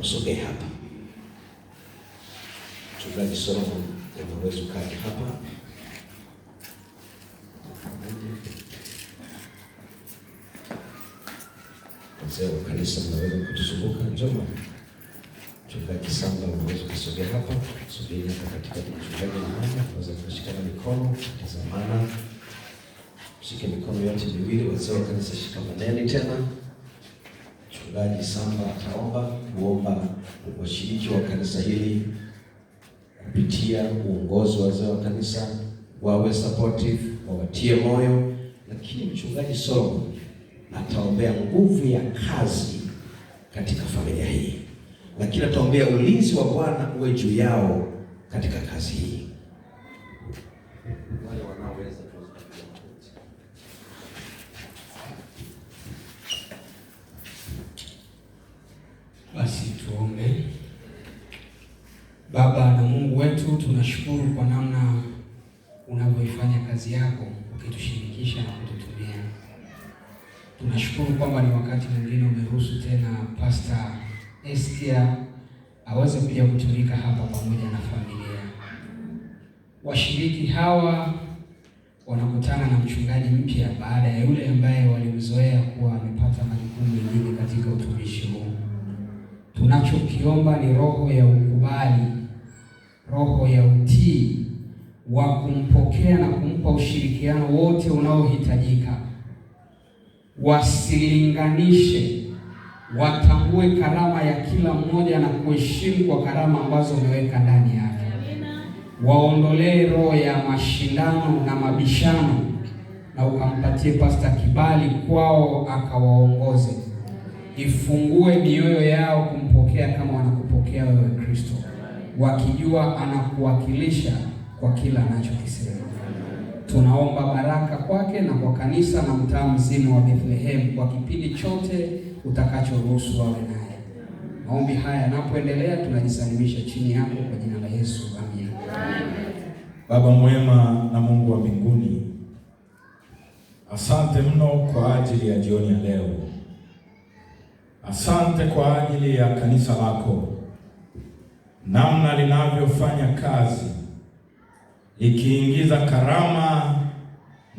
Usogee hapa, mchungaji Solomon, unaweza ukaje hapa. Wazee wa kanisa mnaweza kutuzunguka, njoma. Mchungaji Samba, unaweza kusogea hapa, sogea hapa katikati. Mchungaji Naana, unaweza kushikana mikono, tazamana, mshike mikono yote miwili. Wazee wa kanisa, maneni tena. Mchungaji Samba ataomba kuomba washiriki wa kanisa hili kupitia uongozi wa wazee wa kanisa wawe supportive, wawatie moyo, lakini mchungaji Somo ataombea nguvu ya kazi katika familia hii, lakini ataombea ulinzi wa Bwana uwe juu yao katika kazi hii. Baba na Mungu wetu, tunashukuru kwa namna unavyoifanya kazi yako ukitushirikisha na kututumia. Tunashukuru kwamba ni wakati mwingine umeruhusu tena Pastor Estia aweze pia kutumika hapa pamoja na familia. Washiriki hawa wanakutana na mchungaji mpya baada ya yule ambaye walimzoea kuwa amepata majukumu mengine katika utumishi huu. Tunachokiomba ni roho ya ukubali roho ya utii wa kumpokea na kumpa ushirikiano wote unaohitajika. Wasilinganishe, watambue karama ya kila mmoja na kuheshimu kwa karama ambazo umeweka ndani yake. Waondolee roho ya mashindano na mabishano, na ukampatie Pasta kibali kwao akawaongoze. Ifungue mioyo yao kumpokea kama wanakupokea wewe Kristo wakijua anakuwakilisha kwa kila anachokisema. Tunaomba baraka kwake na kwa kanisa na mtaa mzima wa Bethlehemu kwa kipindi chote utakachoruhusu wawe naye. Maombi haya yanapoendelea, tunajisalimisha chini yako kwa jina la Yesu, amin. Baba mwema na Mungu wa mbinguni, asante mno kwa ajili ya jioni ya leo. Asante kwa ajili ya kanisa lako namna linavyofanya kazi ikiingiza karama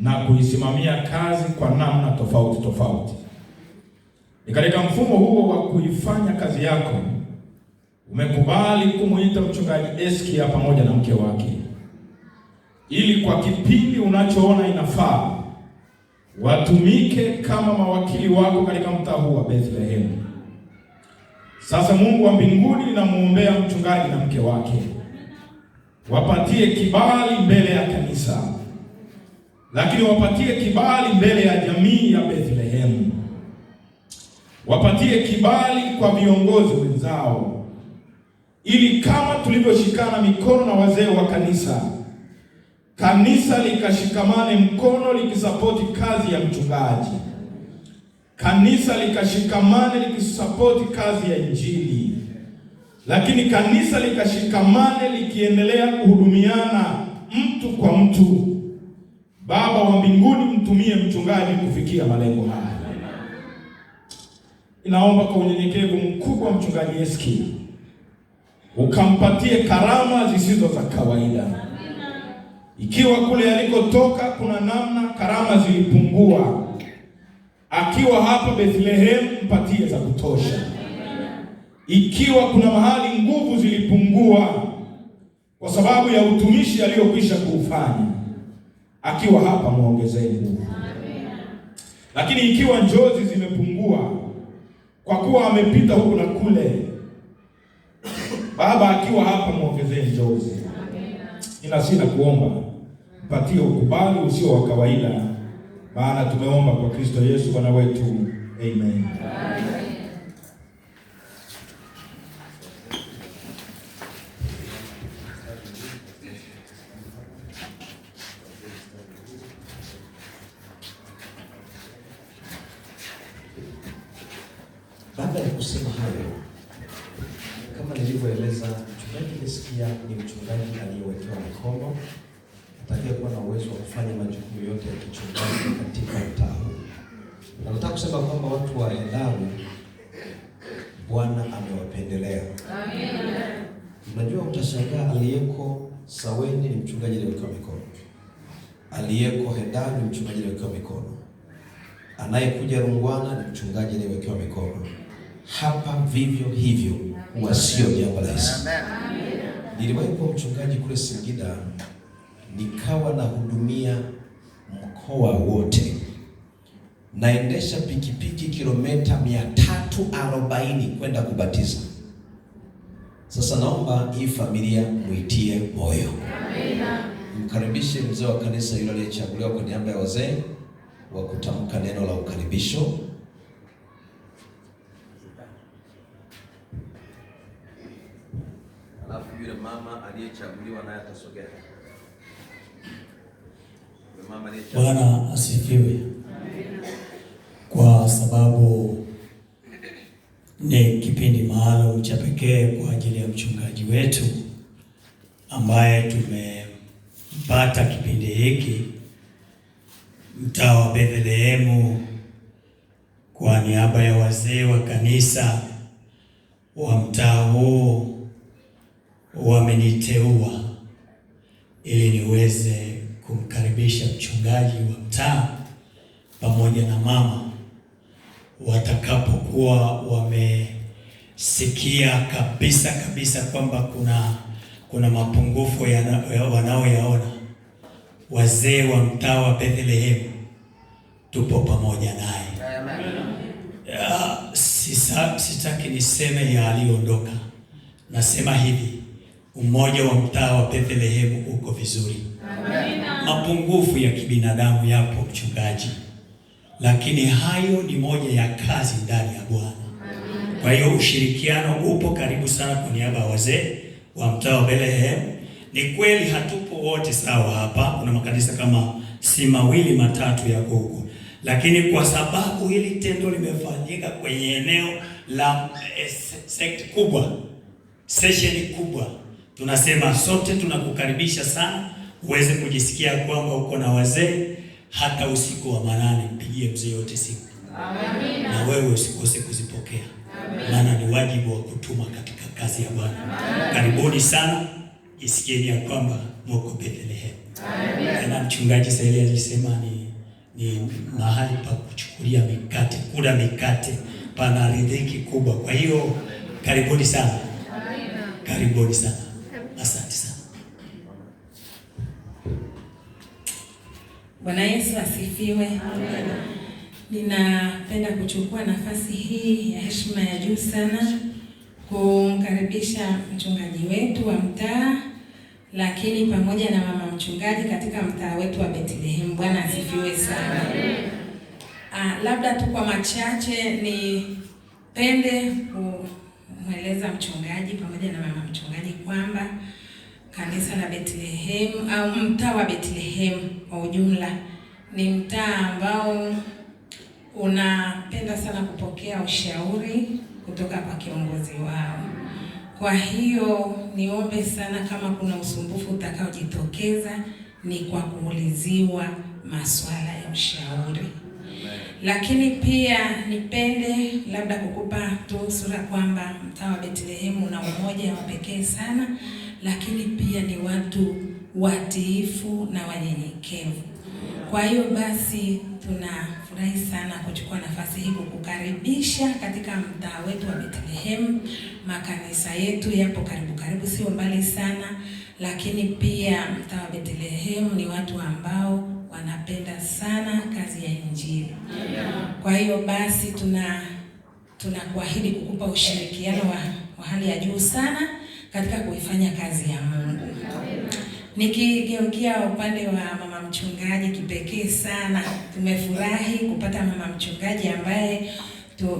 na kuisimamia kazi kwa namna tofauti tofauti. Ni katika mfumo huo wa kuifanya kazi yako umekubali kumuita mchungaji Eskia pamoja na mke wake, ili kwa kipindi unachoona inafaa watumike kama mawakili wako katika mtaa huu wa Bethlehem. Sasa Mungu wa mbinguni ninamwombea mchungaji na mke wake, wapatie kibali mbele ya kanisa, lakini wapatie kibali mbele ya jamii ya Bethlehemu, wapatie kibali kwa viongozi wenzao, ili kama tulivyoshikana mikono na wazee wa kanisa, kanisa likashikamane mkono likisapoti kazi ya mchungaji kanisa likashikamane likisapoti kazi ya Injili, lakini kanisa likashikamane likiendelea kuhudumiana mtu kwa mtu. Baba wa mbinguni, mtumie mchungaji kufikia malengo haya. Inaomba kwa unyenyekevu mkubwa mchungaji Yeski ukampatie karama zisizo za kawaida. Ikiwa kule alikotoka kuna namna karama zilipungua Akiwa hapa Bethlehem, mpatie za kutosha. Ikiwa kuna mahali nguvu zilipungua kwa sababu ya utumishi aliyokwisha kuufanya, akiwa hapa muongezeni nguvu. Lakini ikiwa njozi zimepungua kwa kuwa amepita huku na kule, Baba akiwa hapa muongezee njozi. Ina sina kuomba, mpatie ukubali usio wa kawaida maana tumeomba kwa Kristo Yesu Bwana wetu amen, amen. Baada ya kusema hayo, kama nilivyoeleza, mchungaji alisikia ni mchungaji aliyewekewa mikono kusema kwamba watu wa waelewe Bwana amewapendelea. Amen. Unajua, utashangaa aliyeko Saweni ni mchungaji aliyewekewa mikono, aliyeko Hedari ni mchungaji aliyewekewa mikono, anayekuja Rungwana ni mchungaji aliyewekewa mikono. Hapa vivyo hivyo, wasio jambo rahisi. Niliwahi kuwa mchungaji kule Singida, nikawa nahudumia mkoa wote naendesha pikipiki kilomita 340 kwenda kubatiza. Sasa naomba hii familia muitie moyo, amina. Mkaribishe mzee wa kanisa yule aliyechaguliwa kwa niaba ya wazee wa kutamka neno la ukaribisho. Alafu yule mama aliyechaguliwa naye atasogea. Bwana asifiwe sababu ni kipindi maalum cha pekee kwa ajili ya mchungaji wetu ambaye tumepata kipindi hiki mtaa wa Bethlehemu kwa niaba ya wazee wa kanisa wa mtaa huu wameniteua ili niweze kumkaribisha mchungaji wa mtaa pamoja na mama watakapokuwa wamesikia kabisa kabisa kwamba kuna kuna mapungufu wanaoyaona, wazee wa mtaa wa Bethlehem tupo pamoja naye. Ah, sitaki niseme ya aliondoka, nasema hivi umoja wa mtaa wa Bethlehem uko vizuri. Amen. Mapungufu ya kibinadamu yapo, mchungaji lakini hayo ni moja ya kazi ndani ya Bwana. Kwa hiyo ushirikiano upo karibu sana. Kwa niaba ya wazee wa mtaa wa Bethlehem, ni kweli hatupo wote sawa hapa, kuna makanisa kama si mawili matatu ya huko, lakini kwa sababu hili tendo limefanyika kwenye eneo la eh, kubwa, sesheni kubwa, tunasema sote tunakukaribisha sana uweze kujisikia kwamba uko na wazee hata usiku wa manane, mpigie mzee yote simu. Na wewe usikose kuzipokea, maana ni wajibu wa kutuma katika kazi ya Bwana. Karibuni sana, isikieni ya kwamba mwako Bethlehem. Na mchungaji Saili alisema ni, ni mahali pa kuchukulia mikate, kula mikate, pana riziki kubwa. Kwa hiyo karibuni sana, karibuni sana. Bwana Yesu asifiwe. Ninapenda kuchukua nafasi hii ya heshima ya juu sana kumkaribisha mchungaji wetu wa mtaa lakini pamoja na mama mchungaji katika mtaa wetu wa Bethlehem. Bwana asifiwe sana. Ah, labda tu kwa machache nipende kumweleza mchungaji pamoja na mama mchungaji kwamba kanisa la Bethlehem au mtaa wa Bethlehem kwa ujumla ni mtaa ambao unapenda sana kupokea ushauri kutoka kwa kiongozi wao. Kwa hiyo niombe sana, kama kuna usumbufu utakaojitokeza ni kwa kuuliziwa masuala ya ushauri. Lakini pia nipende labda kukupa tu sura kwamba mtaa wa Bethlehem una umoja wa pekee sana lakini pia ni watu watiifu na wanyenyekevu. Kwa hiyo basi, tunafurahi sana kuchukua nafasi hii kukukaribisha katika mtaa wetu wa Bethlehem. Makanisa yetu yapo karibu karibu, sio mbali sana, lakini pia mtaa wa Bethlehem ni watu ambao wanapenda sana kazi ya Injili. Kwa hiyo basi, tuna tunakuahidi kukupa ushirikiano wa, wa hali ya juu sana katika kuifanya kazi ya Mungu. Nikigeukia upande wa mama mchungaji, kipekee sana tumefurahi kupata mama mchungaji ambaye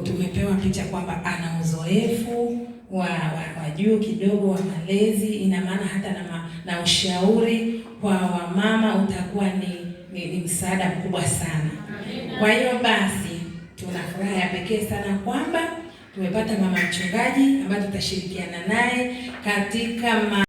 tumepewa picha kwamba ana uzoefu wa, wa, wa juu kidogo wa malezi. Ina maana hata na, ma, na ushauri kwa wamama utakuwa ni, ni, ni msaada mkubwa sana. Kwa hiyo basi tuna furaha ya pekee sana kwamba tumepata mama mchungaji ambaye tutashirikiana naye katika ma